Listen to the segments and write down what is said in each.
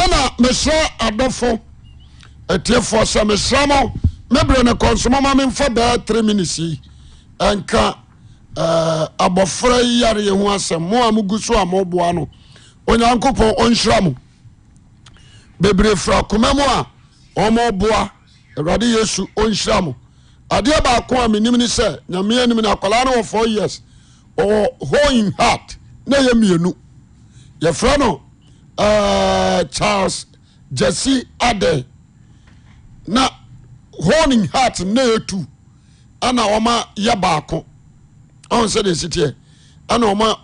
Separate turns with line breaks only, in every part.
ɛna mesrɛ adɔfo atiefoɔ sɛ mesrɛ mo mebrɛ no kɔnsoma ma memfa bɛɛ tre minutes yi ɛnka eh, abɔfra yi yareyɛ ho asɛm mo a mogu so a moboa no onyankopɔn ɔnhyira mo bebree fra koma mu a ɔmɔboa awurade yesu ɔnhyira mo adeɛ baako a menim ne sɛ nyame anim no akwalaa no wɔ 4 years ɔwɔ hoin heart na ɛyɛ mmienu yɛfrɛ no Eh, charles jesse ade na honing heart na etu ana ɔma yɛ baako ɔn sɛ de sitiɛ ana ɔma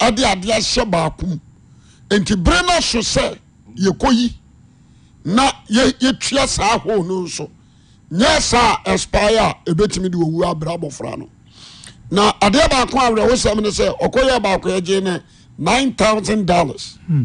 ade ade ahyɛ baako mu nti bere na so sɛ yɛkɔ yi na yɛtua saa hoo no nso nyɛ saa expire a ebetumi de owu abira abɔfra no na adeɛ baako awerɛhosɛm ne sɛ ɔkɔyɛ baako yɛgye ne nine thousand dollars. Hmm.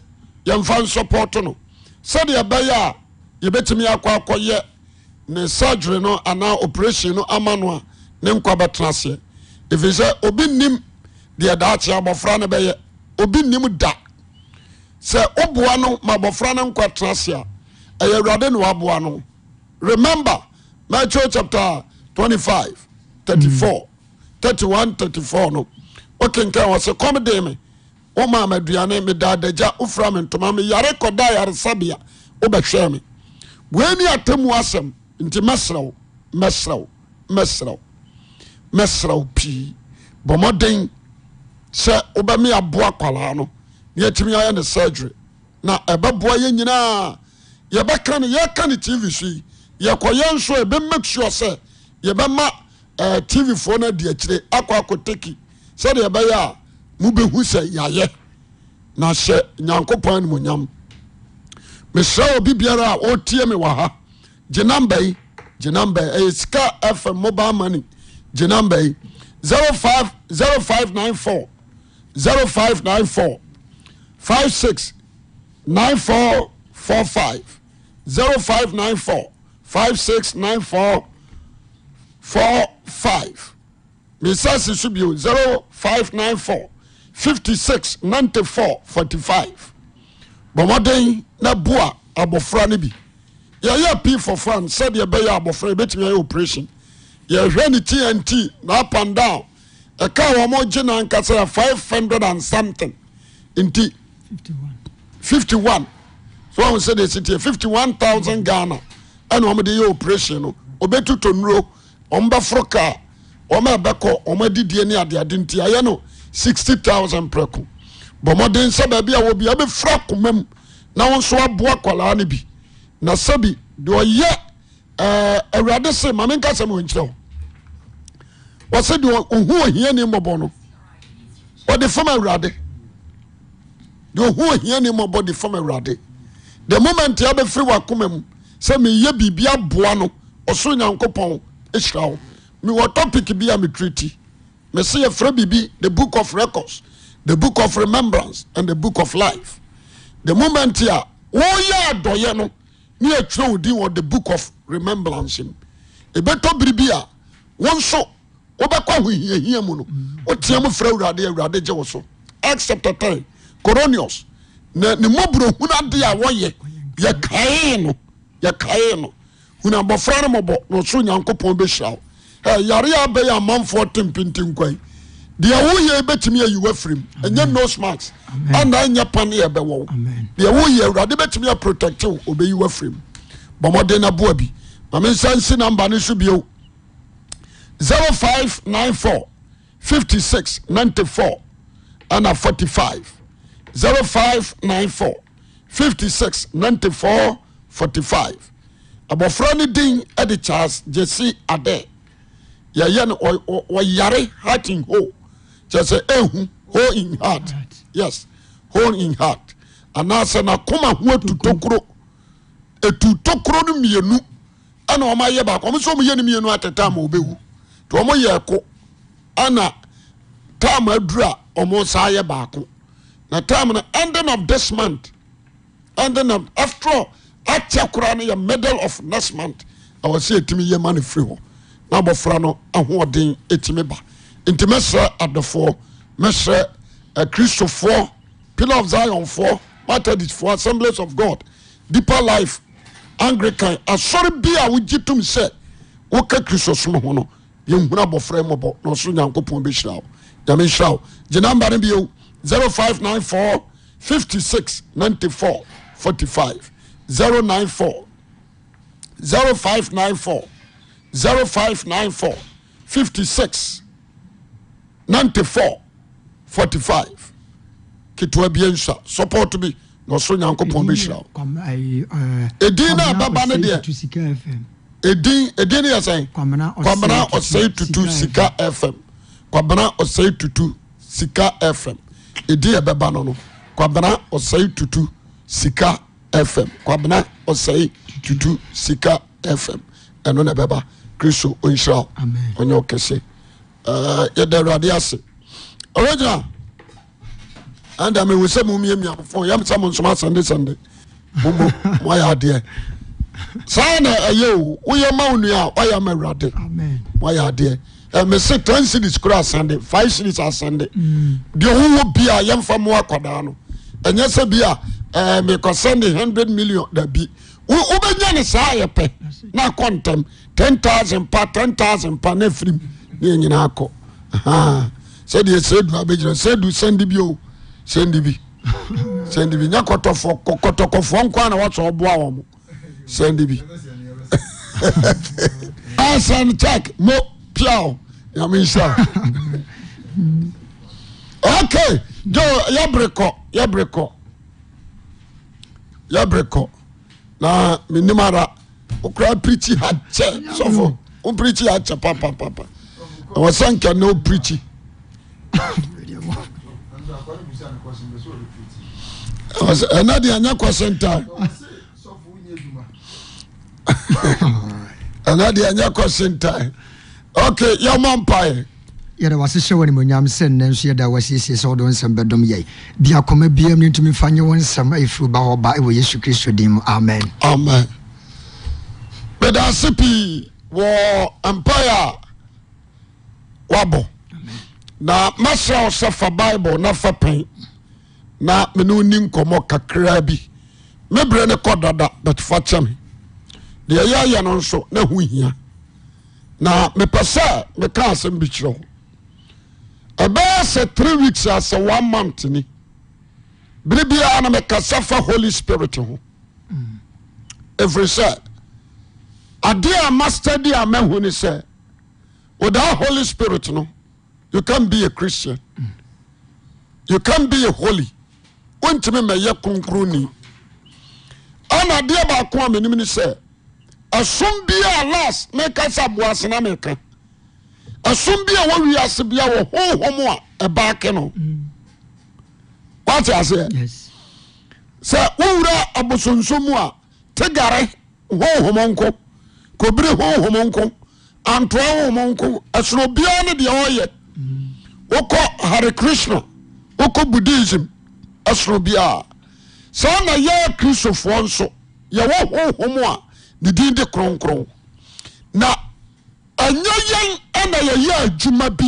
yɛmfa nsɔpɔto no sɛdeɛ ɛbɛyɛ a yɛbɛtumi akɔ akɔyɛ ne surgery no anaa operation no ama no a ne nkwa bɛtena aseɛ ɛfiri sɛ obi nnim deɛ daakye abɔfra no bɛyɛ obi nnim da sɛ woboa no ma abɔfra no nkwa tena ase a ɛyɛ awurade ne waboa no remember matthew chapter 25 34 31 34 no wokenkan wɔ sɛ kɔm de me auae edadgyawofra me ntma me yae kdayarsabia woɛhwɛme niatmu asm nti serɛɛserɛ pii bɔen sɛ woeaoa kalaa n atimiɛne seere n ɛboayɛyinaaɛkane tv sy yɛkyɛns ɛmɛsɛ ɛɛm eh, tvfɔdakyakɛ mobɛhu sɛ yayɛ na hyɛ nyankopɔn animonyam mesrɛ obi biara a ɔtie me wɔ ha gye nambai gye nambai ɛyɛ sika fm mobile money gye nambai 0594 0594 56 9445 0594 569445 mesase so bio 0594 56 94 45 bɔmmɔden na boa abɔfra no bi yɛyɛ p for fun sɛdeɛ ɛbɛyɛ abɔfra yɛbɛtumi ayɛ operation yɛhwɛ ne tnt na up and down ɛka wɔn mo gye na nkasa yɛ 500 and something nti 51 so wɔn sɛ de si tie 51000 ghana ɛna wɔn de yɛ operation no obetu tonuro wɔn bɛforo kaa wɔn a ɛbɛkɔ wɔn adidie ne adeade nti ayɛ no sixty thousand prɛko bɔ mmɔden sɛ baabi a wɔ bi abɛfira mu na wɔn nso aboa kwalaa bi na sɛbi deɛ ɔyɛ ɛɛ awurade se maame nkasa mu nkyerɛ o wɔsɛ deɛ ohun ohia ne mmɔbɔ no ɔde fam awurade deɛ ohun ohia ne mmɔbɔ de fam awurade the moment yɛ abɛfiri wɔ akoma mu sɛ meyɛ biribi aboa no ɔsoro nyankopɔn ehyira wo mewɔ topic bi a metiriti mese yɛfrɛ biribi the book of records the book of remembrance and the book of life the moment a wɔyɛ adɔyɛ no ne yɛtwerɛ wo din wɔ the book of remembrance mu ɛbɛtɔ biribi a wo nso wobɛkɔ ahohiahia mu no woteɛ mu frɛ awurade awurade gye wo so except tɛtɛn coronius na ne mmɔborɔhunu ade a wɔyɛ yɛkaee no yɛkaee no hunu abɔfra no mɔbɔ na ɔso onyankopɔn bɛhyira wo Eh, yare abɛyɛ amanfoɔ tempente nkwan deɛ woyɛ bɛtumi ayiwa firim ɛnyɛ nose mask ana ɛnyɛ pane ɛbɛwɔ deɛ woyɛ awurade bɛtumi aprotectew obɛyiwa firim bɔmmɔden no boa bi mame nsa nsi namba no so bio five 56 94 ɛna 45 0594 56 94 45 abɔfra no din ɛde charles jesse ade yɛyɛno ɔyare heartin hoe kyɛɛ sɛ ɛhu hoe in hart ys h in hert anaasɛ nakoma ho atuokro tutokuro no mmienu ana ɔmaayɛ baak mo nsɛ ɔmynemienu atɛ tam obɛhu ti ɔmoyɛ ko ana tam adur a ɔmo sa ayɛ baako na tam no unn of dismonth aftr akyɛ koraa ne yɛ medal of nesmonth ɛwɔsɛ ɛtimi yɛma ne fri hɔ na abɔfra no ahoɔden ɛtumi ba nti mɛsrɛ adefoɔ mɛsrɛ akristofoɔ pillar of Zion zionfoɔ methodistfoɔ assemblies of god deeper life anglican asɔre bi a wogye tom sɛ woka kristo som ho no yɛnhunu abɔfra mmɔbɔ na ɔsoro nyankopɔn bɛhyira wo nyame nhyira wo gye namba no bio nine four zero five nine four. Zero five nine four, 0594 56 94 45 ketewa bi nsa support bi eh, na ɔsoro nyankopɔn bɛhyira wo ɛdin no ababa no deɛ ɛdin ɛdin no yɛ sɛn kwamena ɔsɛe tutu sika fm kwamena ɔsɛe tutu sika fm ɛdin ɛbɛba no no kwamena ɔsɛe tutu sika fm kwamena ɔsɛe tutu sika fm ɛno na ɛbɛba kristo ɔnhyira wo ɔnyɛ ɔkɛse yɛda awurade ase ɔrɛgyina ɛnda mewu sɛ momyɛ miamfo yɛm sɛ mo nsoma sɛnde sɛnde momo moayɛ adeɛ saa na ɛyɛ o woyɛ ma a ɔyɛ ma awurade moayɛ adeɛ mese ten series kora asande five series asande mm. deɛ wowɔ bia yɛmfa mo akwadaa no ɛnyɛ sɛ bi a mekɔsɛnde hundred million dabi wobɛnya ne saa yɛpɛ na akɔ ntɛm ten thousand pa ten thousand pa na firim ne yɛ nyinaa sɛ sɛdeɛ sɛdu abɛgyina sɛdu sɛndi bi o sɛndi bi sɛndi bi nyɛ kɔtɔfɔ kɔtɔkɔfɔ nko ana wɔtɔ ɔboa wɔn mo sɛndi bi asan ah, check mo piao nyame nhyira ok jo yɛbere kɔ yɛbere kɔ yɛbere kɔ na menim ara okura pirikyi ha kyɛ sɔfo o pirikyi ha kyɛ papapapa ɛwɔ sɛ nka na o pirikyi. ɛna deɛ anya kɔsen ta ɛna deɛ anya kɔsen ta ok yɛma mpaeɛ
yɛde wasehyɛ wɔ nimonyam sɛ nnɛ nso yɛda wasiesie sɛ wode wo nsɛm bɛdom yɛi de akɔma biam no ntumi fa nyɛ wo nsɛm ɛfiri ba hɔ ba ɛwɔ yesu Kristu din mu amen amen
mɛda ase pii wɔ mpae a woabɔ na mɛsrɛw sɛ fa bible na fa pɛn na menooni nkɔmmɔ kakraa bi me berɛ ne kɔ dada but fa kyɛ me deɛ ɛyɛ ayɛ no nso ne ho hia na mepɛ sɛ meka asɛmbi kyerɛ hɔ ɛbɛyɛ sɛ t3re weeks asɛ 1n monthni bire biara na meka sɛfa holy spirit ho mm. ɛfiri sɛ adeɛ a mastadi a mahu ne sɛ without holy spirit no you can be a christian you can be a holy wontumi mɛyɛ kronkronni ana adeɛ baako a m'anim ne sɛ ɛsom bia a las meka sɛ aboasena meka ɛsom bi a wɔwie ase bia wɔ honhom a ɛbaake no wate aseɛ sɛ wowura abosonsom mu a te gare honhom kobere honhom nko antoa honhom nko ɛsoro obiara no deɛ ɔyɛ wokɔ hare krishna wokɔ buddhism ɛsoro biara saa na yɛ kristofoɔ nso yɛwɔ honhom a ne din de kronkron na ɛnyɛ yɛn ɛna yɛyɛ adwuma bi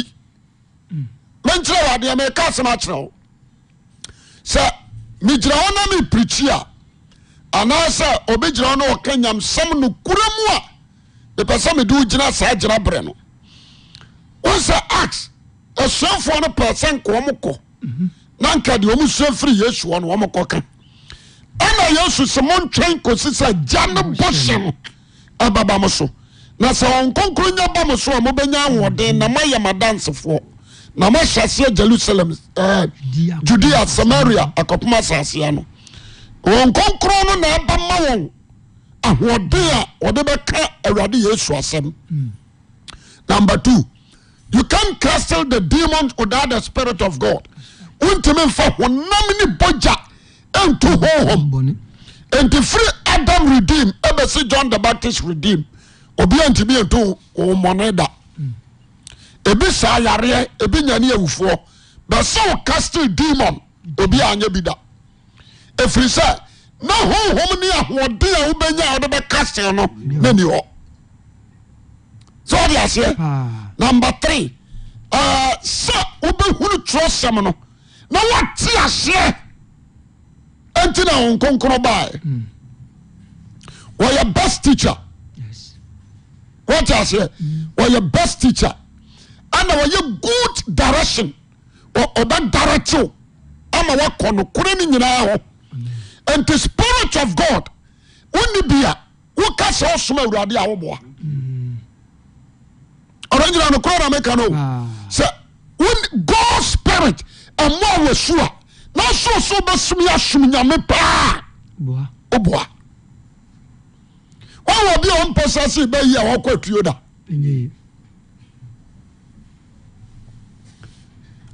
menkyerɛ wɔ adeɛ meka asɛm akyerɛ wo sɛ megyina hɔ na mepirikyi a anaasɛ obɛgyina hɔ na ɔka nyamsɛm nokora mu a mepɛ sɛ mede wo gyina saa gyina berɛ no wou sɛ ax asuafoɔ no pɛɛ sɛ nka ɔ mokɔ na nka deɛ ɔm firi yesu hɔ no ɔmokɔ ka ɛna yesu sɛ montwɛn kɔsi sɛ gya ne bɔhyɛ no ɛbaba mo so na sɛ ɔnkonkro nya ba mo so a mobɛnya ahoɔden na moayɛ madansefoɔ na moahyɛ aseɛ jerusalem eh, judea samaria akɔpom asasea no wɔnkonkro no na ɛba wɔn ahoɔden a wɔde bɛka awurade yesu asɛm number two you can castle the demons without the spirit of god wontumi nfa honam ne bogya ntu honhom nti firi adam redeem ɛbɛsi john the baptist redeem obi antumi ntu honhommɔne da ebi saa yareɛ ebi nyane awufoɔ bɛsɛ wo castle demon obi anyɛ bi da ɛfiri sɛ ɔdeawo ɔdbɛka se nonanɔsɛde aɛ num 3 sɛ wobɛhunutrɛ sɛm no na wote aseɛ ntina wɔkron ba yɛ bs aeɛ ɔyɛ best teacher ana wɔyɛ good direction ɔbɛbara tew ama wakɔ nokora no nyinaah And the spirit of god wonni bia woka sɛ wosoma awurade a woboa ɔno nyina no korɔ na meka no ah. sɛ god spirit ɛmo a wasu a na soo so wobɛsom yɛ asom nyame paa woboa wawɔ bi a ɔmpɛ sa se bɛyi a wɔkɔ atuo da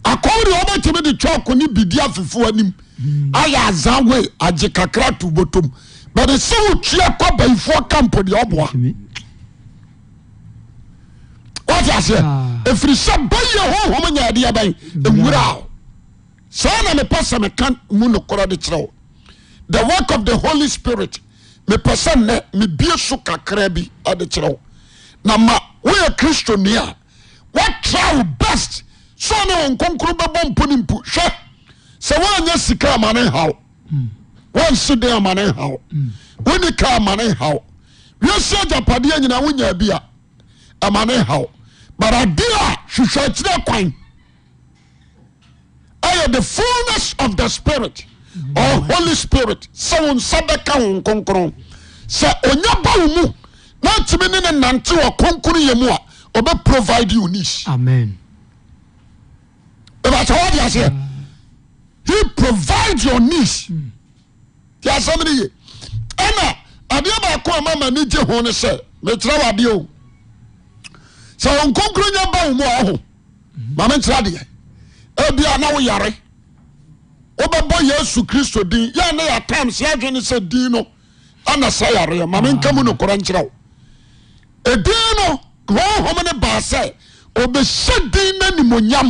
akɔm deɛ wɔbɛtumi de twɛ ɔko ne bidi afifoɔ anim ayɛ azan we agye kakra tobɔtom but sɛota kɔ baimfoɔ kampdeɛ awr san mepɛsɛ meka mundkerɛ the work of the holy spirit mepɛsɛnnɛ mebie so kakra bi dekyerɛw nma woyɛ kristonia wtra best sne konkr ɛ mpone mp sɛ woanyɛ sika amanehaw onseden amanehw wonika amanehaw wsi ayapadea nyina wonya bi a amanehaw bae a hwewɛ tina kwan yɛ the fulness of the spirit rholy spirit sɛ wonsa bɛka wokronrn sɛ ɔnyɛ ba o mu na tumi ne ne nantewkronkry mu a ɔbɛ provide onic psmynadeabaakamamangye hoɛekyrɛsnkononyabaomu amkyerɛdeɛbi na woyare wobɛbɔ yesu kristo in yɛne yɛtime ɛawene sɛ in nonaɛ no n baa sɛ ɔbɛsɛ den no nimonyam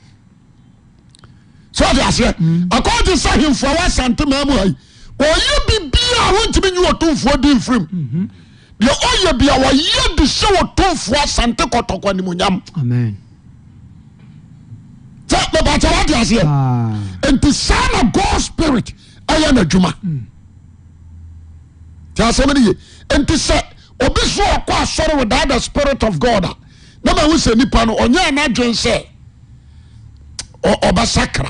sọọdi aseɛ ɔkọ ti sɛ ahemfo a wasante maa mu ha yi ɔyɛ bibia a wɔntumi nyi ɔtomfoɔ di mfirim deɛ ɔyɛ bia wɔyɛ de hyɛ ɔtomfoɔ asante kɔtɔkɔ nimonyam sɛ mɛbàtà wadi aseɛ nti saa na god spirit ɛyɛ n'adwuma tí a sɛm ni yɛ nti sɛ obi so ɔkɔ asɔre without the spirit of god a na ma ho sɛ nipa no ɔnyɛ anadwen sɛ ɔbɛsakra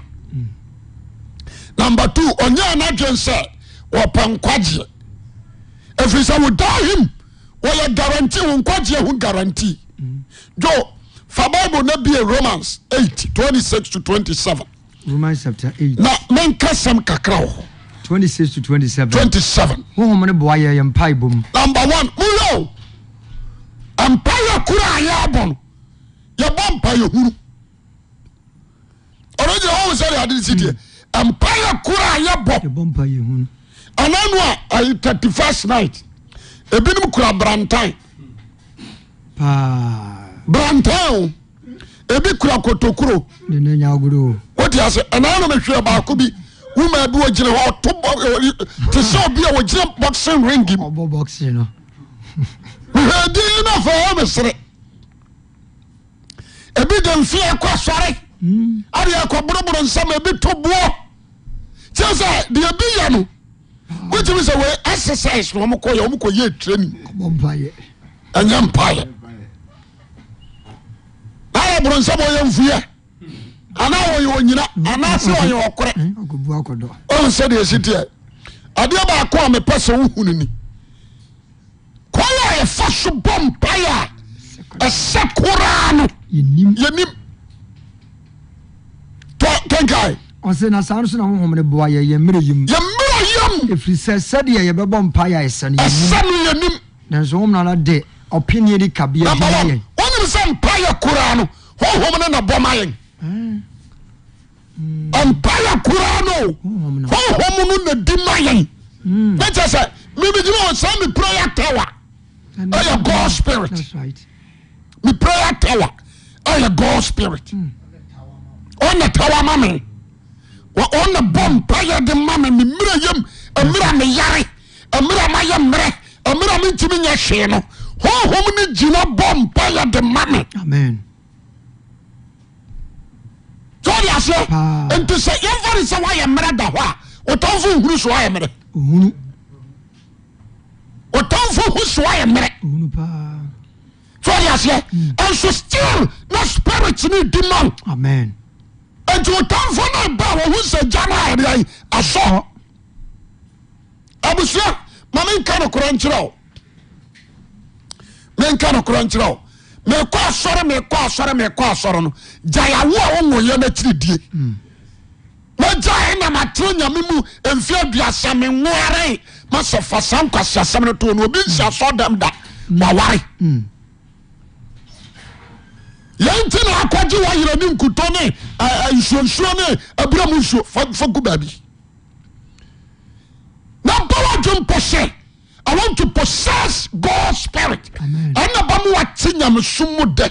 2 ɔyɛanodwen sɛ wɔpɛ nkwagyeɛ ɛfiri e sɛ wodaw him wɔyɛ guarantee wo nkwagyeɛ ho guarantee o fa bible na bie romans 826 o27
na
mɛnka sɛm kakra wɔ
hɔ7nm
mpayɛkoraayɛ abɔ n yɛbɔ mpahuu orgina hɔ sɛde ade sideɛ hmm. mpa yɛ koraa yɛbɔanano a 3fs night binom kura brant branta o bi kora kotokurowotiasɛ ananomehwerɛ baako bi woma bi wɔgyina hɔte sɛbia wɔgyina boxin ring ɛdi ino fo hɔmesere bi demfiɛkɔsre ade yɛkɔboroboro nsɛm ebi to boɔ kyɛ sɛ deɛ bi yɛ no wotumi sɛ wei exercise na ɔmokɔyɛ ɔmokɔyɛ training ɛnyɛ mpayɛ na yɛboro nsɛm ɔyɛ mfuyɛ anaa wɔyɛ onyina anaasɛ ɔyɛ ɔkorɛ ɔhu sɛdeɛ ɛsiteɛ adeɛ baako a mepɛ sɛ no ni kɔyɛ a yɛfa so bɔ mpayɛ a ɛsɛ koraa no yɛnim kankae ɔse na
saa no so na honhom no boa yɛ yɛ mmerɛ yim yɛmmerɛ yam ɛfiri sɛ sɛdeɛ yɛbɛbɔ mpa yɛ ɛsɛ no ɛsɛ no yɛnim nanso hom nana de ɔpene di kabea biayɛ
wonim sɛ mpa yɛ koraa no honhom no na bɔ ma yɛn hmm. mpa yɛ koraa no honhom no na di ma yɛn hmm. ne kyɛ sɛ mebɛgyina wɔ saa me prayer tower ɛyɛ god spirit Mi prayer tower ɛyɛ god spirit mm. ɔnɛ tawa mame ɔna bɔpayɛde mame memmeraya ira meyare ira mayɛmmer m ntumi yɛ hwee no homno gina bpayɛ demameeɛnɛ ɛmsɛ wyɛmer dahɔ ɔtfu er mfus wayɛmer eɛ nso still na spirit no m enti wotamfo no ba wɔho sɛ gyanaadea asɔ abusua ma menka no korɔ nkyerɛo menka no korɔ nkyerɛo mekɔ asɔre mekɔ asɔre mekɔ asɔre no gyayawo a wowoyɛ no akyiri die hmm. magyae na matera nyame mu mfe aduasa me nwoare masɛ fa nkwasi nkwasiasɛm no to no obi nsi asɔ dam da hmm. maware hmm. ye nti ne wakɔgye wa yera ne nkutɔ ne nsuronsuro ne abiramu nsuo fa kɔ baabi na bawadwompo se i want to possess go spirit ɛna bamowate nyamesommo dɛ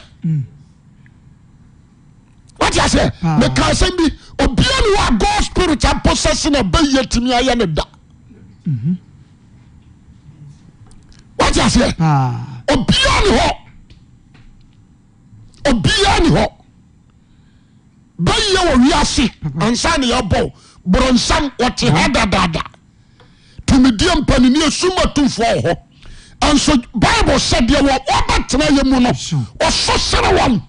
watiasɛ ah. mekra sɛm bi obiane hɔ a go spirit a possess no ba ye timi ayɛ ne da mm-hmm. wtaɛ ah. obinh obia ne hɔ bɛyɛ wɔ wiase ansaneɛbɔ borɔnsam ɔte hɔ mhm. dadada tomidiɛ mpaneni asuma tomfoɔ ɔ hɔ anso bible sɛdeɛwɔ wɔbɛtena yɛ mu no ɔso sere wɔn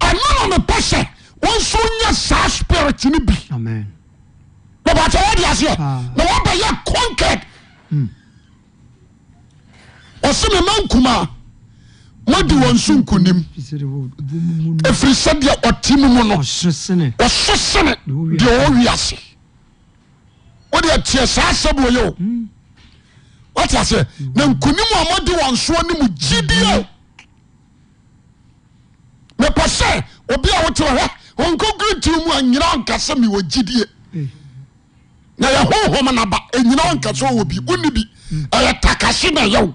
anono nobɛ sɛ wɔnso nya saa spirite no bi btdease nawbyɛ konke ah. mm. ɔsememankuma madi wa so nkonim ɛfiri sɛ deɛ ɔte nomu no ɔso sene deɛ ɔɔwiase wodetiɛ saa sɛb yɛois n nknimamade w nsoɔne mu gyidiɛ mɛp sɛ ba wothnkkrntimmu ayina nkasɛmiwɔ gyidie na yɛhhɔnaba anyina nkasɛɔb wonne bi ɛyɛ takase na yɛwo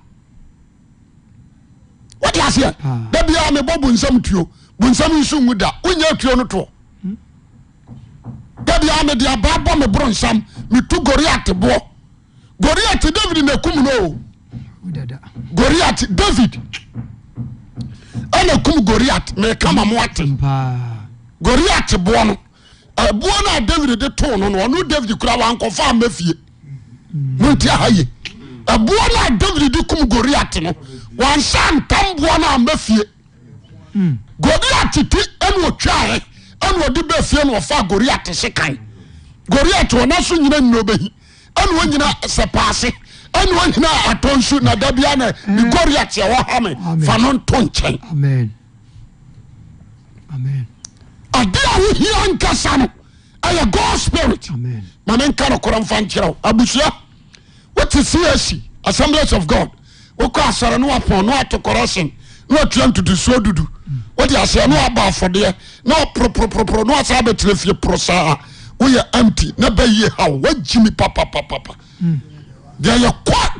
wọ́n ti aseɛ dabi a mi bɔ bunsam tuo bunsam nsu ngu da wonye tuo no toɔ dabi hmm? a mi di aba bɔ mi boro nsam mi tu goriat boɔ goriat david na kum no o goriat david ɛna kum goriat na kama mo ate goriat boɔ no ɛboɔ eh, na david de too no no david kura wankɔfa ama fie mo hmm. nti aha yie ɛboɔ eh, na david de kum goriat no. Hmm. na ndeɛfie nfa griat seka griat nasonyina nynabɛhi nnyinaspse nayinaas nadaian griathame fanonnkɛnehia nksa no ɛyɛgo spirit mane nka nokfa nkerɛ abua woti cc e, assemblasofg wokɔ asara no wapɔ na watɔkɔrɔ sen na watea ntooso dd wodeaseɛ ne wbaafɔdeɛ npɔɔn wsa bɛtera fie porɔ sa awoyɛ anti na bae hwwgym p yɛa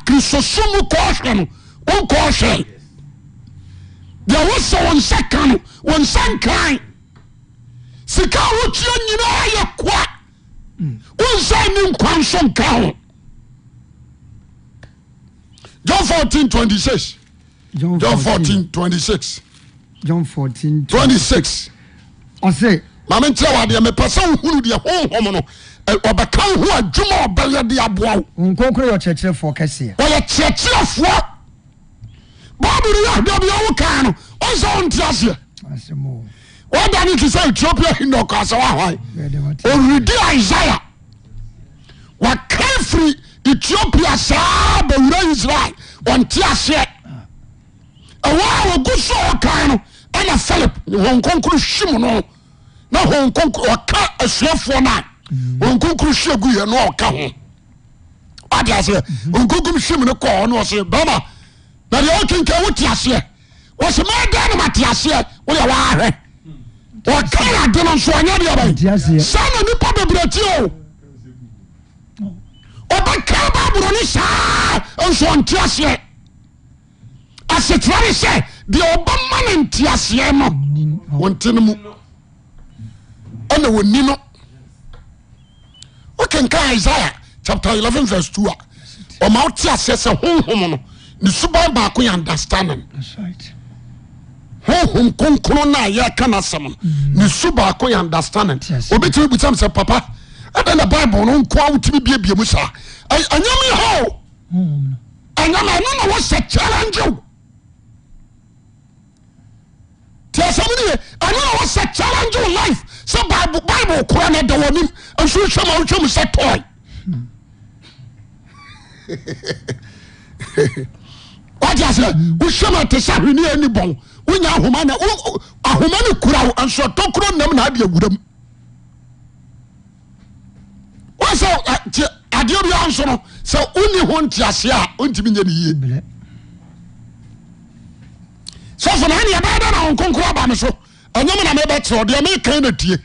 krisosom kɔhwɛ no wokhwɛ eɛwosɛ o nsɛ ka no onsa nkan sika wotua nyina ayɛ ka wonsani nkwanso nka ho john fourteen 26 six john fourteen twenty six john fourteen twenty six ɔsè. maame n kyerɛ wa deɛ deɛ honhom no ɔbɛka ho adwuma de aboa wo. yɛ ɔkyerɛkyerɛfoɔ kɛseɛ. ɔyɛ kyerɛkyerɛfoɔ no aseɛ. ethiopia saa bɛwura israel ɔnte aseɛ ɛwɔ a wɔgu so ɔkan no ɛna philip wɔn kɔnkɔn hwim no na wɔn kɔnkɔn ɔka asuafoɔ no a wɔn kɔnkɔn hwi agu yɛ no ɔka ho ɔde aseɛ wɔn kɔnkɔn hwim no kɔɔ no ɔse bɛrima na deɛ ɔkenkan wote aseɛ wɔsɛ mɛ dan no ma te aseɛ wɔyɛ wɔahwɛ ɔka yɛ ade no nso ɔnyɛ deɛ bɛyɛ saa na nipa bebree tie o. ɔbɛka babro ne saa nsɔɔ nteaseɛ asetrɛ re sɛ deɛ ɔbɛma no nteaseɛ noɔn nmu ɔnani no wokenka isaia ch 112 a ɔma woteaseɛ sɛ honhon nesbbaakoyɛndsadnonho kronrnyɛraɛm nebaakyɛp aen bible n wotimi bbm saane ane kaeebble andni esesa enni hoankrarnnra ade oia so no sɛ woni ho nteaseɛ a ontimiyɛnie sɛsononebɛdanaonkonkr ba me so ɛyam nameɛterɛ deɛmekainae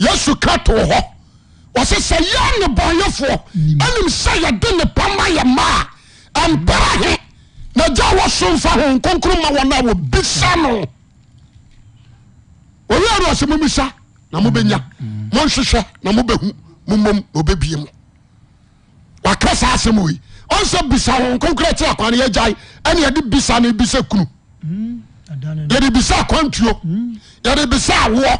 yɛsuka to hɔ sɛ ɛnobfoɔansɛ yɛden amayɛmaa mrae nagyawɔso mfa hokonrmanɔba nosɛ mosa namoɛyaohwewɛ na mobu mumom obebie mu wakra saa asɛm wei ɔnsɛ bisa ho nkonkura ti akwa ne yɛgyae ɛne yɛde bisa ne bisa kunu hmm, yɛde bisa akwantuo hmm. yɛde bisa awoɔ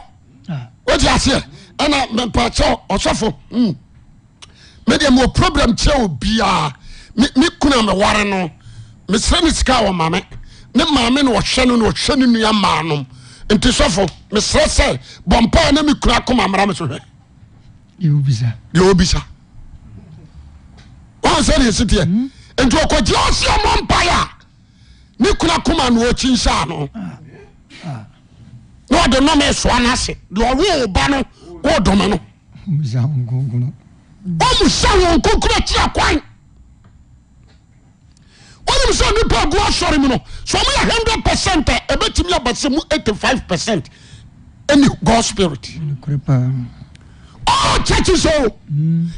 ah. wodi aseɛ ɛna mpakyɛ ɔsɔfo hmm. medeɛ mewɔ problem kyerɛ wo biaa me kuna a meware no mesrɛ ne sika wɔ mame ne maame na ɔhwɛ no na ɔhwɛ no nua maa nom nti sɔfo mesrɛ sɛ bɔmpaa na mekura koma mmara me so hwɛ yɛwobisa wọn sɛ ne ɛsiteɛ nti ɔkɔgye ɔseɛ mɔ mpae a ne kuna koma na ɔkyinsaa no na ɔde nɔme soa no ase deɛ ɔwo ba no wɔdɔme no ɔmu sa wɔn konkuro akyi akwan wọ́n sọ nípa ẹ̀gún asọ̀rọ̀ mu nọ sọ mo yẹ hundred percent ẹ̀ eh, ẹ̀ bẹ́ẹ̀ mu eighty five percent ẹ̀ God spirit. Mm
-hmm.
tetis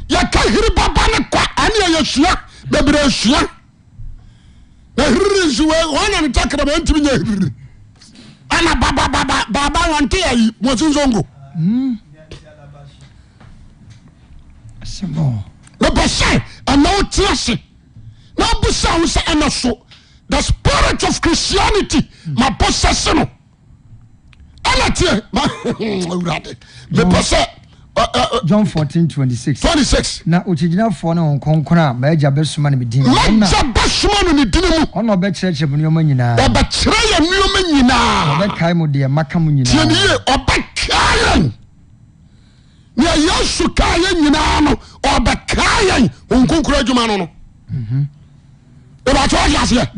yekahiri babane kwa aneayasua ebraasua irensnntatimi ye anbbant maznzongo ebesɛ anatea se nabosano sɛ anaso the spirite of christianity mabosɛ senon john
fourteen twenty six. twenty six. na okyigyinafoɔ ne nkonkron a mɛgya bɛsoma no mi din. mɛgya bɛsoma no ne din mu. ɔna ɔbɛkyerɛkyerɛ mu nneɛma nyinaa. ɔbɛkyerɛ yɛ nneɛma
nyinaa.
ɔbɛkae mu deɛ maka mu nyinaa. tiɛni
yie ɔbɛkae yɛn nea yasu kaa yɛn nyinaa no ɔbɛkae yɛn nkonkron adwuma no no. ɔbɛkyerɛ mhm. ɔyɛ aseɛ.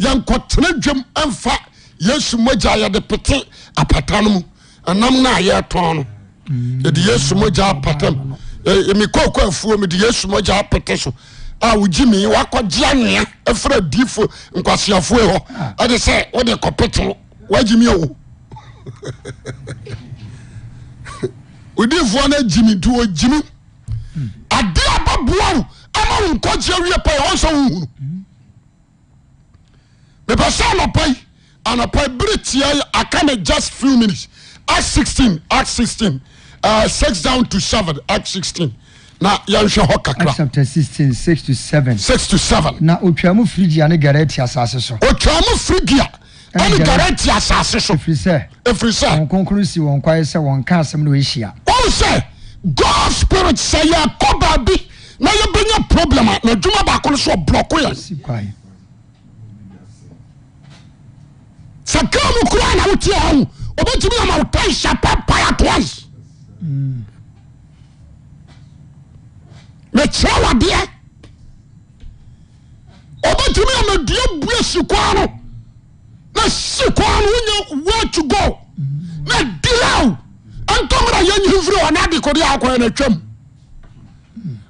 yɛn kɔtena dwam ɛnfa yasu mogya yɛde pete apata no mu ɛnam na yɛtɔn no yɛde yesu mogya apatam e, e, mekɔɔkɔ afuo mede yesu mogya apete so a wogyi me wakɔgye anwea ɛfrɛ adiifo nkwaseafoe hɔ ah. ɛde sɛ wode kɔpete wagye me awo odiifoɔ no agyimi nti wɔgyimi ade ababoa wo ama wo nkɔgyea wie pa ɛ ɔnsɛ wohunu mepɛ sɛ anɔpai anɔpai bere tia aka ne just few minutes act 16 act 16 6dn uh, to 7 a16 nayɛwɛ hɔa6677na
ɔtwamu frigia ne garati asase soffrɛɛfsɛkonkr si wɔn kwaɛ sɛ wɔka sɛm na ɛhya
spirit sɛ yɛkɔ baabi na yɛbɛnya problem a nadwuma baako no soɔbɔɛ mekyɛwadeɛ obatumi amadia bua sikoa no na sikoa n woye wetugo ne dilao ntomra ye nyemfiri anedi kodiaa koana twam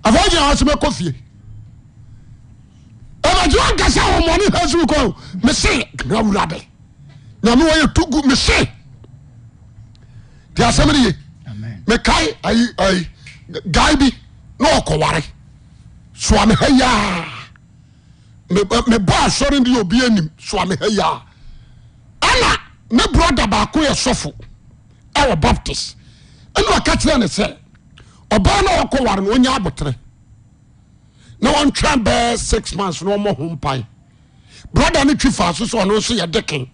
afayewa semɛkofie amatiwankasa omɔne hasim ko mese nwurade namewayɛ tuku mese asɛmreye mekae ayi ayi guy bi na ɔkɔware soa me ha yaa mebɔ asɔre de obi anim soa me ha yaa ɛna ne broda baako yɛ sɔfo ɛwɔ baptist ɛna ɔka kyerɛ ne sɛ ɔbaa na ɔkɔware no ɔnya abotere na wɔntwɛn bɛɛ six months na ɔmmɔ ho mpae broda no twi faa so sɛ ɔno nso yɛ deken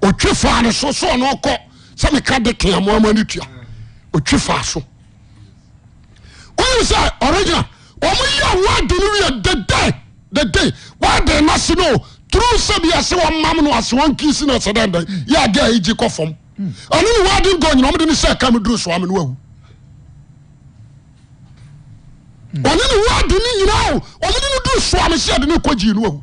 ɔtwi faa ne so so ɔno ɔkɔ sɛ meka de keamoama no tua ɔtwi faa so wonim sɛ ɔregyina ɔmoyɛ wade no wiɛ dede dede wade no ase no turu sɛ bi ase wɔmam no ase wɔnkisi no ase dɛndɛn yɛ ade a ɛgye kɔ fam ɔno ne wade nkɔ nyina ɔmde ne sɛ ka meduru soa me no wawu ɔne ne wade no nyina o ɔmde no duru soa me sɛ de ne kɔgyii no wawu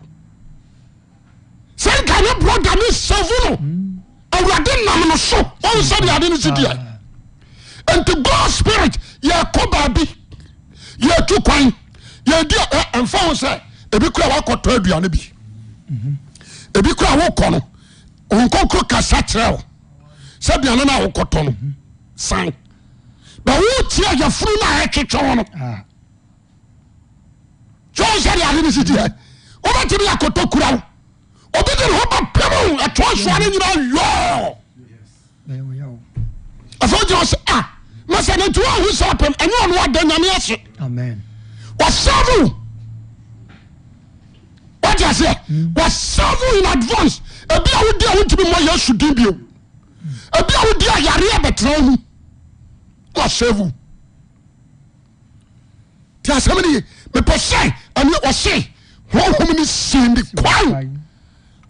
sɛ nka ne brɔda ne sɛvu no awurade nam no so ɔnsɛde ade no sideɛ nti god spirit yɛkɔ baabi yɛtu kwan yɛdi ɛmfa ho sɛ ebi kura wakɔtɔ aduane bi mhm. ebi kura wokɔ no nkonkoro kasa kyerɛ o sɛ aduane no a wokɔtɔ no mhm. san na wotia yɛfunu no a ɛtwetwe ah. wo no kyɛwo sɛde ade no sideɛ mhm. wobɛtumi yɛkɔtɔ kura wo obi de ne ho ba pɛm ɛtoa soa no nyina yɔɔ ɛfɛ gyina sɛ a masɛ ne nti woahu sɛ apɛm ɛne ɔno ada nyame ase wɔsɛvo wagye aseɛ wɔsɛvo in advance ebi a wodi a wontumi mmɔ yesu din bio ebi a wodi a yareɛ bɛtena mu wɔsɛvo nti asɛm ne ye mepɛ sɛ ɛne ɔse honhom no sindi kwan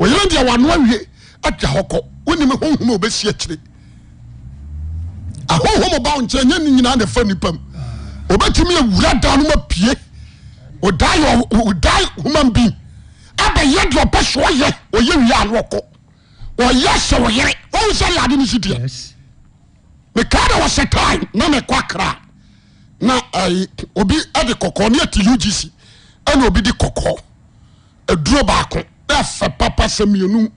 ɔyere deɛ wano awie atwa hɔ kɔ wonim honhom a obɛsi akyire ahohom ba wo nkyɛn nyɛ ne nyinaa na fa nnipa mu obɛtumi awura da no ma pie odae human being abɛyɛ deɛ ɔpɛ so ɔyɛ ɔyɛ wie a no ɔkɔ ɔyɛ sɛ ɔyere ɔhu sɛ yɛade no si deɛ mekaa da wɔsɛ tae na mekɔ akraa na obi de kɔkɔɔ ne ati ugc ɛna obi de kɔkɔɔ aduro baako afɛ papa sɛ mmienu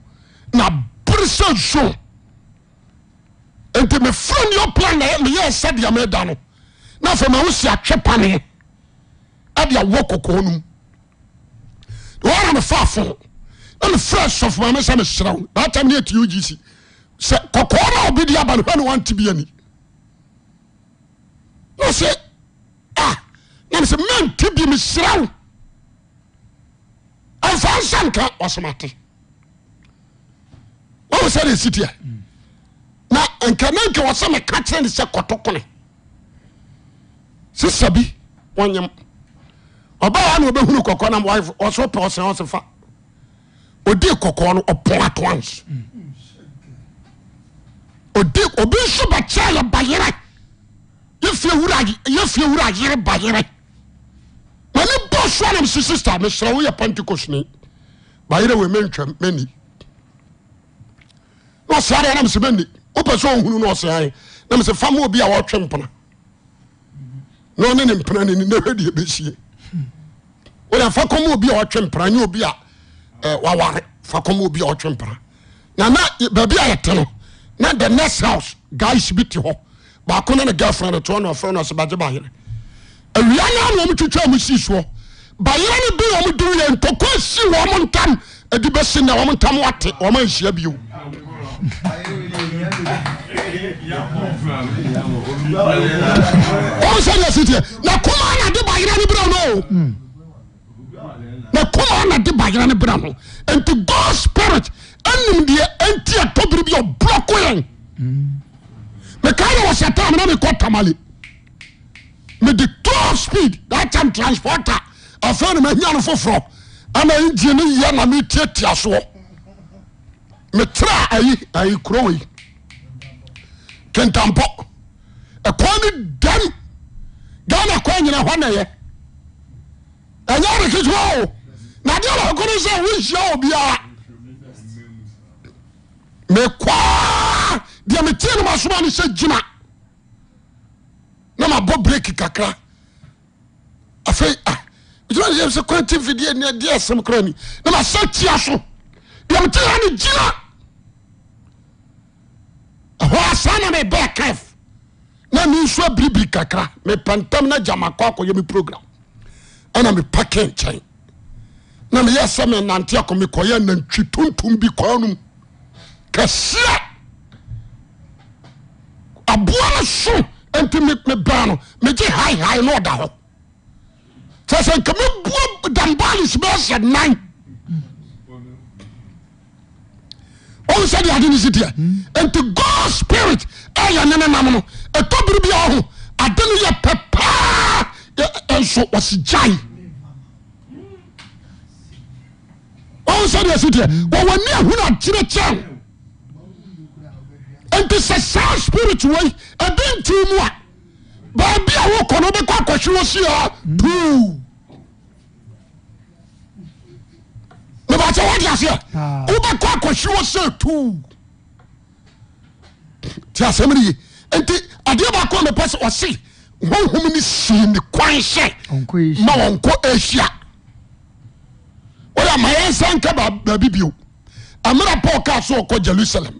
na bere sɛ nsuo nti mefuro ne ɔpla na meyɛ sɛdeɛ meda no na afei ma wo si atwe paneɛ ade awɔ kɔkɔɔ no wɔra me faafo na mefrɛ sɔfo ma me sɛ meserɛ wo naatam ne ɛti ogyi si sɛ kɔkɔɔ na ɔbɛdi aba no hwɛ ne wante bi ani na sɛ a ah, na me sɛ mante bi meserɛ wo fansanka wasom ate wawe sadesitea na kaneke oseme ka ker ne se koto kone sisabi oyem obaane obohuru koko nmspɛssfa ode kokono ɔpo atoans obinso beka ye bayere yefiewor ayere bayere ane bo su nemso syster meserɛ woya pentecosne a rafa prababia teno ne the next house guce bi te ho bako nene gafra ne to nefre neae awia no anom twitwa mu sii soɔ bayerɛ no bi wɔm dum yɛ ntɔkwa si wɔm ntam adi bɛsi na wɔm ntam wate wɔm anhyia bio wɔm sɛ deɛ siteɛ na koma na de bayerɛ no berɛ no na koma na de bayerɛ no berɛ no enti god spirit anim deɛ ɛnti atɔbere bi ɔblɔko yɛn mekae ne wɔ sɛ tam na mekɔ tamale mede to speed atam transporter afa ne maahiyano foforɔ ama ngie no yɛnametia atia soɔ metrɛ aa kuroyi kentampɔ ɛkon ne dam gane kon nyena haneyɛ ɛnya rekeeo nadeɛlkono sɛ wosia o biara mekwaa deɛ metie nomsoma ne sɛ gyina nmbo brek kakra ah, se tia so meteane ina hsa na mebak nemensuabribri kakra mepantam na amakok ym program nepa kkia abarso nti meba no megye haihai no ɔda hɔ sɛsɛnka mɛbua dambanesmɛɛsɛ nan ɔhusɛde ade ne sidia nti go spirit ɛyɛ neno nam no ɛtɔbiribia ho ade no yɛ pɛpaa nso ɔsegyai ɔhsɛdeasta wni hunkyerɛkyɛ nti sɛ saa spiritweyi abi nti mu a baabi a hɔ kɔno wobɛkɔ akɔhe wo sa t bɛ wadasea ah. wobɛkɔ akɔhe wo sa t ti asɛm reye nti adeɛbaakmɛpɔsɛ ɔse hɔ hom no siini kwansyɛ ma ɔnkɔ asia wede ama yɛnsa nka baabibio amera paka soɔkɔ jerusalem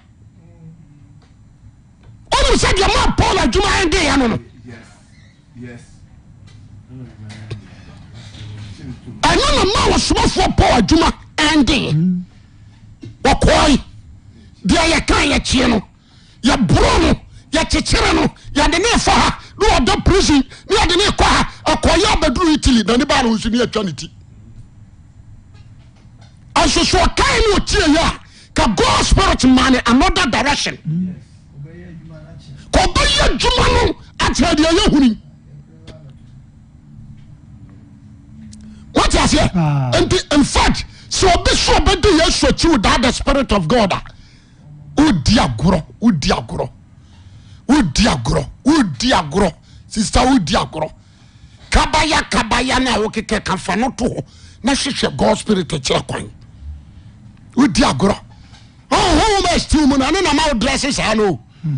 wonim sɛ deɛ ma paul adwuma ɛndeɛ no no ɛno na ma wɔsomafoɔ paul adwuma ɛndeɛ wɔkɔe deɛ yɛka yɛkyeɛ no yɛboro no yɛkyekyere no yɛde ne fa ha ne ɔda prison ne yɛde ne kɔ ha ɔkɔyɛ abɛduru italy na ne baa no nso ne atwa ne ti ɛnso so ɔkae ne ɔtie yɛ a ka god spirit ma ne another direction yes. ɛ dwuman auna ɛaski to the spirit of goda kaaaaanwokek kafanot na wehwɛ god spirit krɛ aamnnenaao dres saa no hmm.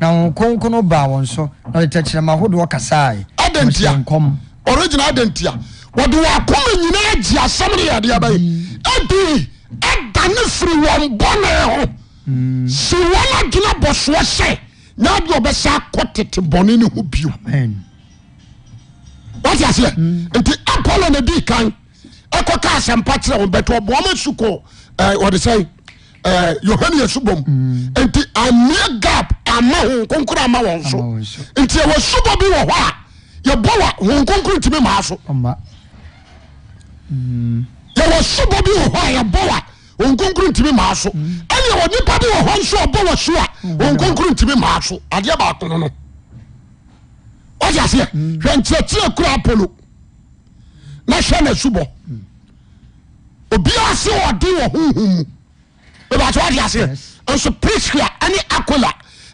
na onkonkno ba wɔso naɔdetɛkyerɛm
ahodoɔkasaanadn de yina sɛɛne firi wɔhw dwna bso ɛ ɛɛ k bakanmpaerɛ ama hon konkro ama wɔn so nti ɛwɔ subɔ bi wɔ hɔ a yɛbɔ wa hon konkro ntumi maa so mm. yɛwɔ subɔ bi wɔ hɔ a yɛbɔ wa hon konkro ntumi maa so mm. ɛna yɛwɔ nipa bi wɔ hɔ nso ɔbɔ wɔ so a hon mm. konkro ntumi maa so adeɛ baako no ɔdi aseɛ hwɛ nkyerɛkyerɛ kura apolo na hwɛ na subɔ obiara se ɔde wɔ huhu mu ebi ati ɔdi aseɛ nso priskila ɛne akola.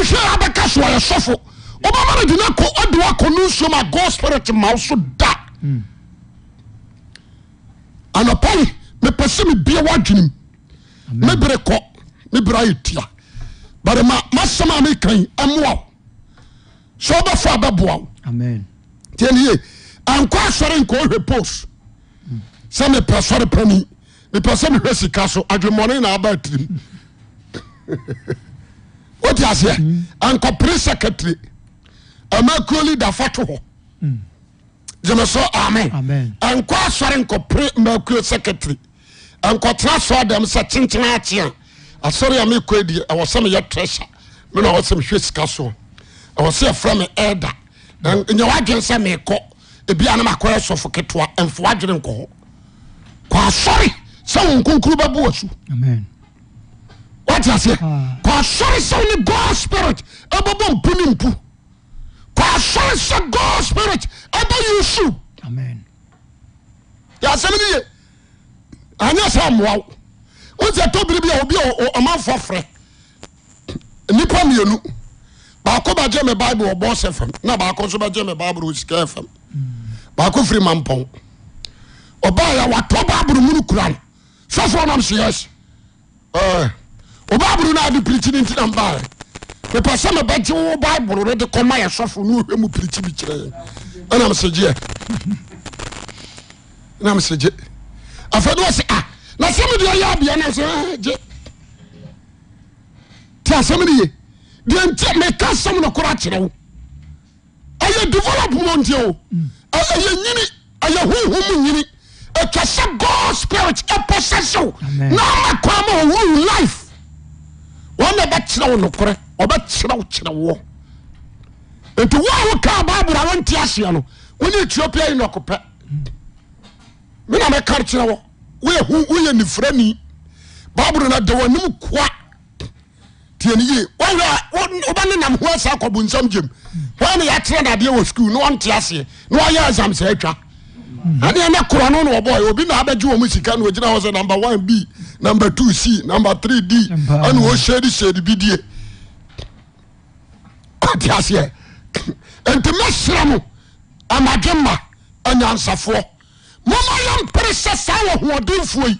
wohwɛ abɛka so ɔyɛ sɔfo ɔbɛma no gyina kɔ ɔde wakɔ no nsuom a god spirit ma wo so da hmm. anɔpɔi mepɛ sɛ mebie woadwenem me kɔ me ayɛ tia but ma masɛm a mekan ɛmoa wo sɛ wobɛfa a bɛboa wo tiɛniye ankɔ asɔre nkɔ ɔhwɛ post sɛ mepɛ sɔre pani mepɛ sɛ mehwɛ sika so adwemmɔne na aba wotiaseɛ nkɔpere secretery ama kuolida fatohɔ eme so amen nkɔ asɔre nkɔpre mako secretery nktera sodm sɛ tentyema akeaekyansɛ knksf kfn kasɔre sɛ wo nkonkro bɛboa so wati aseɛ kɔ asɔre sɛ god spirit ɛbɛbɔ mpu ne mpu kɔ asɔre god spirit ɛbɛ yusu yɛasɛm no ye anyɛ sɛ mmoa wo wote ɛtɔ biri a obi a ɔmanfoɔ frɛ nnipa mmienu baako bɛgye me bible ɔbɔ sɛ fam na baako nso bɛgye me bible ɔsika fam hmm. baako firi ma mpɔn ɔbaa yɛ watɔ bible mu no kura no nam so yes eh. obiben de priino tinba pɛ sɛmebɛyewo bible e de kmaɛsofo ne prii bikyerɛɛimeka sɛmnokrakyerɛ o yɛ developndo yɛyini yɛ hoom yini wasɛo spirit sem olif wɔn na bɛkyerɛ wo nokorɛ ɔbɛkyerɛ wo kyerɛ wɔ nti wo a wokaa bible a wonte aseɛ no wone ethiopia yi nɔkopɛ mena mɛka kyerɛ wɔ woyɛ hu woyɛ nifra ni bible no da w'anim koa tiɛni yie wɔyɛ wobɛne nam ho asa akɔbonsam gyem wɔn na yɛakyerɛ no adeɛ wɔ sukuu na wɔnte aseɛ na wɔyɛ asam sɛ atwa ɛneɛ na korɔ no na wɔbɔɔ obi na abɛgye wɔ mu sika na wɔgyina hɔ sɛ number one bii nm 2 c n 3 d nɔhyɛryɛribidie teaseɛ ɛnti mɛserɛ mo amadwema anyansafoɔ momayɛmpere sɛ saa wɔ hoɔdenfuo yi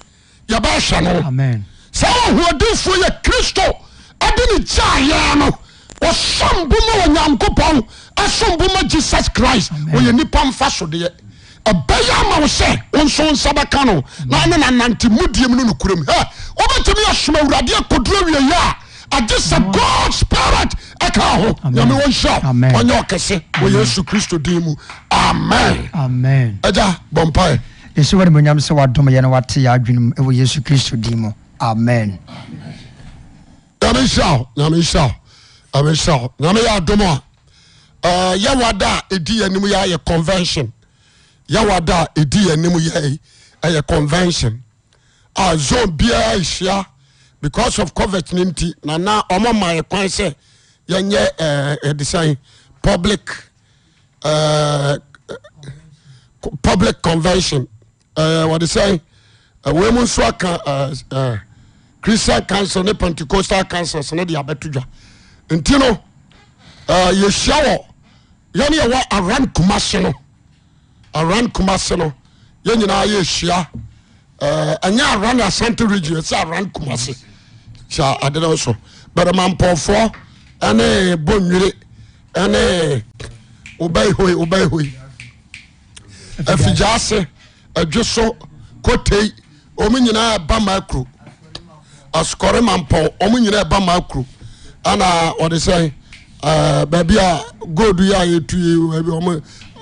yɛbɛhwɛ no saa wɔhoɔdenfuoi ɛ kristo de ne gyaayɛ no ɔsamboma onyankopɔn somboma jesus khrist ɔyɛ nnipa mfa sodeɛ bɛyɛ mao sɛ wo nso nsa bɛkano nne nanante mudiemu no nokrm wobɛtumiyɛoma wraeɛ kd wii e sɛ god spirit kahoaeɛɛ kɛseyes risto nmu amya bɛnnyasɛ
wdɛnɛdwye kisto nm amɛɛ
amyɛdoma yɛwada ɛdi yanim yɛyɛ convention yawada a ɛdi yɛ ɛyɛ convention a zone biara ahyia because of covid ni nti nana ɔma ma yɛ kwan sɛ yɛnyɛ eh, eh, public eh, public convention uh, wɔde sɛn uh, mu nso aka christian council ne pentecostal council sene de abɛto dwa nti no uh, yɛhyia wɔ aran kumase no aran kumase no yɛn nyinaa yɛ hyia eh, ɛnyɛ aran asante region ɛsɛ aran kumase hyɛ adeɛ so bɛrɛmampɔfoɔ ɛne bonnwere ɛne ɔbɛyihoi ɔbɛyihoi afigyaase adweso kotei wɔn nyinaa ɛba maakuro asukɔre mampɔn wɔn nyinaa ɛba maakuro ɛna ɔde sɛ ɛɛ eh, baabi a gold yi a yɛtu yi ɛbi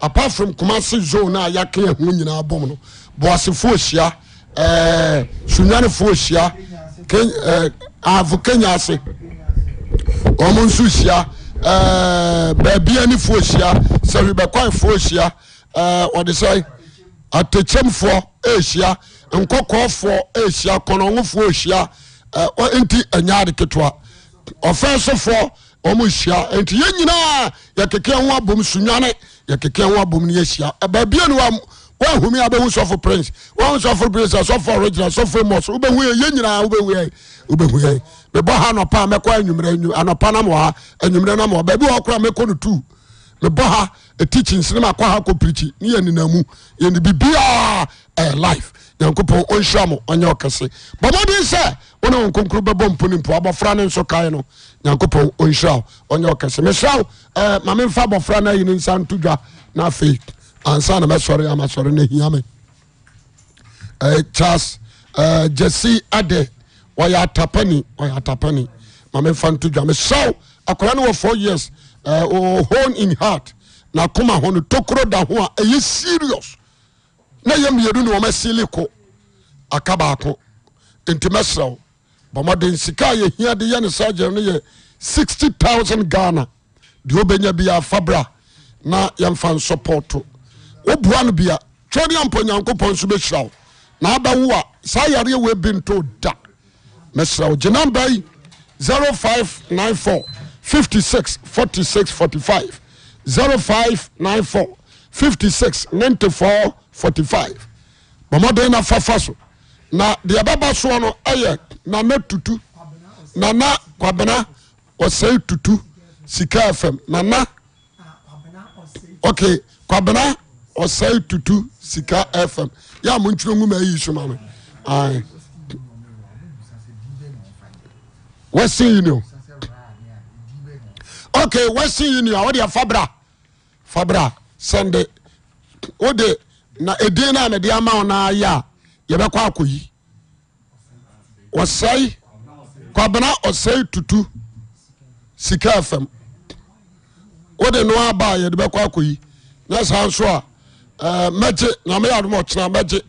apart from kumasi zone a yake ɛho nyinaa bɔm no bɔɔsefoɔ hyia ɛɛ eh, sunyanefoɔ hyia ɛɛ eh, avo kenya ase wɔn nso hyia ɛɛ eh, beebi anifoɔ hyia sɛhibɛkɔnfoɔ hyia ɛɛ wɔde sɛ atɛkyɛmfoɔ ɛɛhyia nkɔkɔɔfoɔ ɛɛhyia kɔnɔnfoɔ ɛɛhyia ɛɛ nti ɛnya ade ketewa ɔfɛnsofoɔ wɔn hyia nti yɛn nyinaa yɛ keke ho abom sunwane yɛkekea wo abom no yɛhyia baabia ne woahumi abɛhu sɔfo prince woahu sɔfo prince asɔfo original sɔfo mos wobɛhu yɛ nyinaa wobɛhu wobɛhu yɛ mebɔ ha anɔpa a mɛkɔ anwummerɛ anɔpa na mɔ ha anwummerɛ na mɔ baabi wɔ kora mɛkɔ no tuu mebɔ ha ɛtikyi nsene makɔ ha kɔ pirikyi ne yɛ ninamu yɛne biribiaa ɛyɛ life nyankopɔn ɔnhyira mo ɔnyɛ ɔkɛse bɔmɔden sɛ wone wo nkonkro bɛbɔ mpo ne mpo abɔfra no nso kae no nyankopɔn ɔnhyira wo ɔnyɛ ɔkɛse mesrɛ wo ma memfa abɔfra no ayi no nsa nto dwa na afei ansa na mɛsɔre amasɔre no ahia me charles jesi ade ɔyɛ atapani ɔyɛ atapani ma memfa nto dwa mesrɛ wo akwadaa no wɔ four years uh, hone in heart na koma ho no tokoro da ho a ɛyɛ serious na yɛ mmienu ne wɔn asili ko aka baako nti mɛsrɛ wo bɔmmɔden sika a yɛhia de yɛ ne surgery no yɛ sixty thousand ghana deɛ wobɛnya bia fa bra na yɛmfa nsɔpɔto woboa no bia twerɛ ne ampa nyankopɔn nso bɛhyira wo na abɛwo a saa yareɛ wɔ bi nto da mɛsrɛ wo gye namba yi 0594 56 four 45 0594 56 94 45 bɔmmɔden na fafa so na deɛ bɛba soɔ no ɛyɛ nana tutu nana kwabena ɔsɛe tutu sika fm nana okay kwabena ɔsɛe tutu sika fm yɛ a mo ntwerɛ ngu ma ayi so ma no western union ok western union a wode afabra fabra sɛnde wode na ɛdin no a nede ama wo naa yɛ a yɛbɛkɔ akɔ yi ɔsɛe kwabena ɔsɛe tutu sika fam wode no abaa yɛde bɛkɔ akɔ yi na saa nso a mɛgye nameyɛ adom ɔkyena mɛgye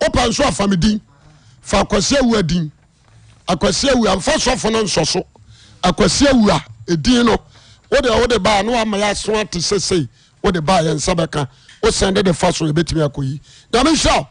wopɛ nso afa din fa akwasi awu adin akwasi awu amfa sɔfo no nsɔ so akwasi awu a ɛdin no wode wode baa na wama yɛ aso ate sesei wode baa yɛ nsa bɛka wosɛn de de fa so yɛbɛtumi akɔ yi nyame nhyɛ